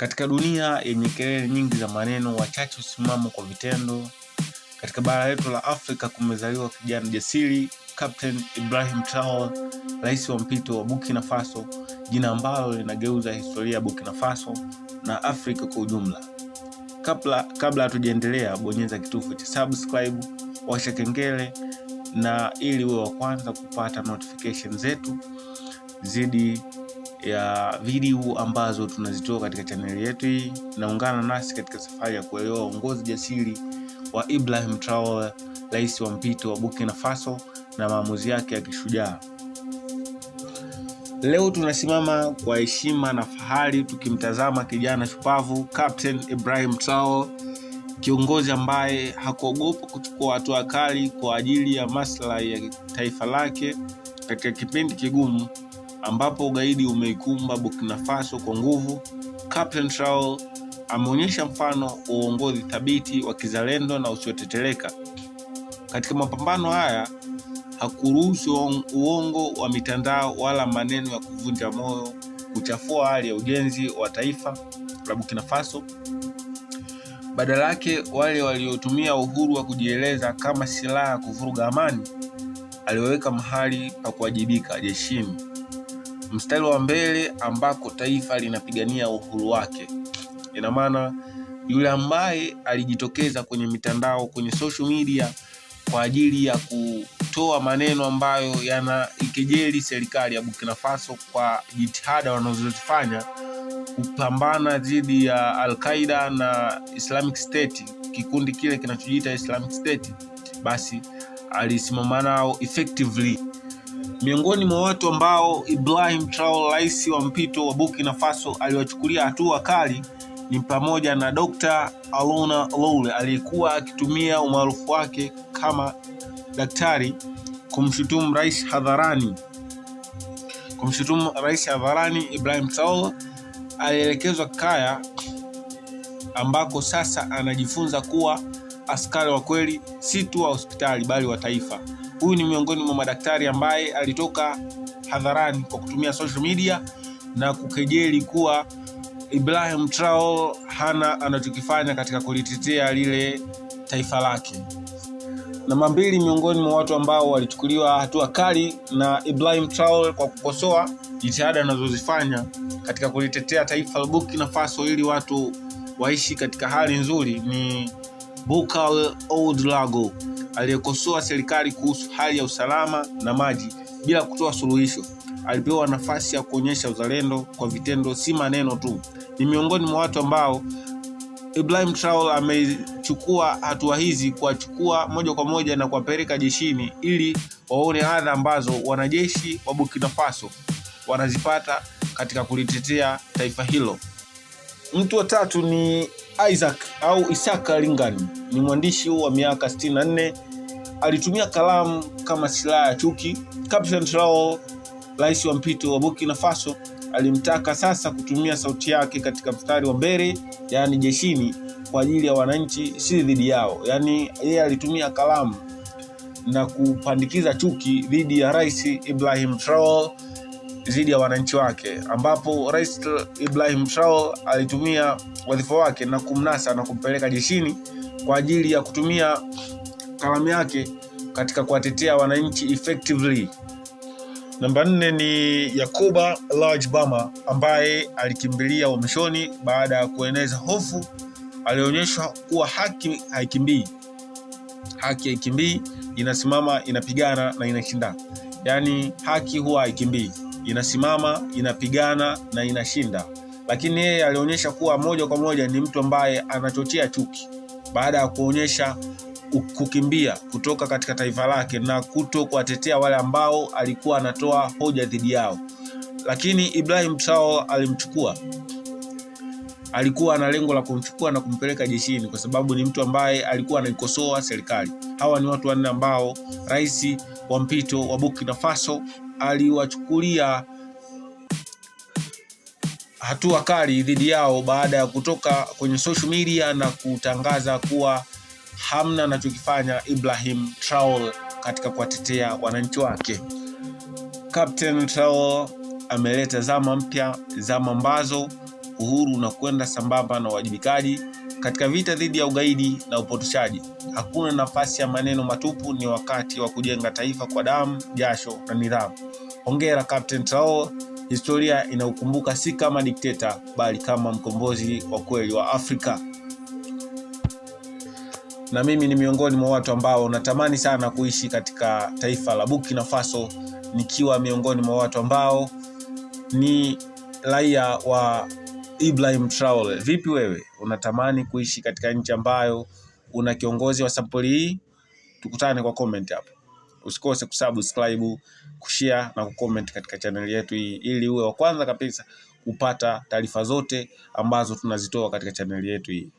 Katika dunia yenye kelele nyingi za maneno, wachache husimama kwa vitendo. Katika bara letu la Afrika kumezaliwa kijana jasiri, Captain Ibrahim traor rais wa mpito wa Burkina Faso, jina ambalo linageuza historia ya Burkina Faso na Afrika kwa ujumla. Kabla kabla hatujaendelea, bonyeza kitufe cha subscribe, washa kengele na ili uwe wa kwanza kupata notification zetu zidi ya video ambazo tunazitoa katika chaneli yetu hii. Naungana nasi katika safari ya kuelewa uongozi jasiri wa Ibrahim Traore, rais wa mpito wa Burkina Faso na maamuzi yake ya kishujaa. Leo tunasimama kwa heshima na fahari tukimtazama kijana shupavu Captain Ibrahim Traore, kiongozi ambaye hakuogopa kuchukua hatua kali kwa ajili ya maslahi ya taifa lake katika kipindi kigumu ambapo ugaidi umeikumba Burkina Faso kwa nguvu, Captain Traore ameonyesha mfano wa uongozi thabiti wa kizalendo na usioteteleka. Katika mapambano haya hakuruhusu uongo wa mitandao wala maneno ya kuvunja moyo kuchafua hali ya ujenzi wa taifa la Burkina Faso. Badala yake, wale waliotumia uhuru wa kujieleza kama silaha ya kuvuruga amani aliweka mahali pa kuwajibika jeshini mstari wa mbele ambako taifa linapigania uhuru wake. Ina maana yule ambaye alijitokeza kwenye mitandao, kwenye social media kwa ajili ya kutoa maneno ambayo yanaikejeli serikali ya Burkina Faso kwa jitihada wanazozifanya kupambana dhidi ya Al-Qaeda na Islamic State, kikundi kile kinachojiita Islamic State, basi alisimama nao effectively miongoni mwa watu ambao Ibrahim Traore, rais wa mpito wa Burkina Faso, aliwachukulia hatua kali ni pamoja na Dr. Alona Loule aliyekuwa akitumia umaarufu wake kama daktari kumshutumu rais hadharani kumshutumu rais hadharani. Ibrahim Traore alielekezwa Kaya ambako sasa anajifunza kuwa askari wa kweli, si tu wa hospitali bali wa taifa. Huyu ni miongoni mwa madaktari ambaye alitoka hadharani kwa kutumia social media na kukejeli kuwa Ibrahim Traore hana anachokifanya katika kulitetea lile taifa lake. Namba mbili, miongoni mwa watu ambao walichukuliwa hatua kali na Ibrahim Traore kwa kukosoa jitihada anazozifanya katika kulitetea taifa la Burkina Faso ili watu waishi katika hali nzuri ni Old Lago aliyekosoa serikali kuhusu hali ya usalama na maji bila kutoa suluhisho, alipewa nafasi ya kuonyesha uzalendo kwa vitendo, si maneno tu. Ni miongoni mwa watu ambao Ibrahim Traore amechukua hatua hizi kuwachukua moja kwa moja na kuwapeleka jeshini ili waone adha ambazo wanajeshi wa Burkina Faso wanazipata katika kulitetea taifa hilo. Mtu wa tatu ni Isaac au Isaka lingan ni mwandishi wa miaka 64. Alitumia kalamu kama silaha ya chuki. Captain trao rais wa mpito wa Burkina Faso, alimtaka sasa kutumia sauti yake katika mstari wa mbele, yaani jeshini, kwa ajili ya wananchi, si dhidi yao. Yaani yeye alitumia kalamu na kupandikiza chuki dhidi ya Rais Ibrahim Traore dhidi ya wananchi wake, ambapo Rais Ibrahim Traore alitumia wadhifa wake na kumnasa na kumpeleka jeshini kwa ajili ya kutumia kalamu yake katika kuwatetea wananchi effectively. Namba nne ni Yakuba Large Bama ambaye alikimbilia uhamishoni baada ya kueneza hofu. Alionyeshwa kuwa haki haikimbii, haki haikimbii, inasimama, inapigana na inashinda. Yaani haki huwa haikimbii inasimama, inapigana na inashinda, lakini yeye alionyesha kuwa moja kwa moja ni mtu ambaye anachochea chuki baada ya kuonyesha kukimbia kutoka katika taifa lake na kuto kuwatetea wale ambao alikuwa anatoa hoja dhidi yao. Lakini Ibrahim sao alimchukua, alikuwa na lengo la kumchukua na kumpeleka jeshini, kwa sababu ni mtu ambaye alikuwa anaikosoa serikali. Hawa ni watu wanne ambao rais wa mpito wa Burkina Faso aliwachukulia hatua kali dhidi yao baada ya kutoka kwenye social media na kutangaza kuwa hamna anachokifanya Ibrahim Traore katika kuwatetea wananchi wake. Captain Traore ameleta zama mpya, zama ambazo uhuru unakwenda sambamba na uwajibikaji katika vita dhidi ya ugaidi na upotoshaji, hakuna nafasi ya maneno matupu, ni wakati wa kujenga taifa kwa damu, jasho na nidhamu. ongera Captain trao historia inaukumbuka si kama dikteta, bali kama mkombozi wa kweli wa Afrika. Na mimi ni miongoni mwa watu ambao natamani sana kuishi katika taifa la bukina Faso, nikiwa miongoni mwa watu ambao ni raia wa Ibrahim Traore, vipi wewe, unatamani kuishi katika nchi ambayo una kiongozi wa sampuli hii? Tukutane kwa comment hapo. Usikose kusubscribe, kushare na kucomment katika chaneli yetu hii ili uwe wa kwanza kabisa kupata taarifa zote ambazo tunazitoa katika chaneli yetu hii.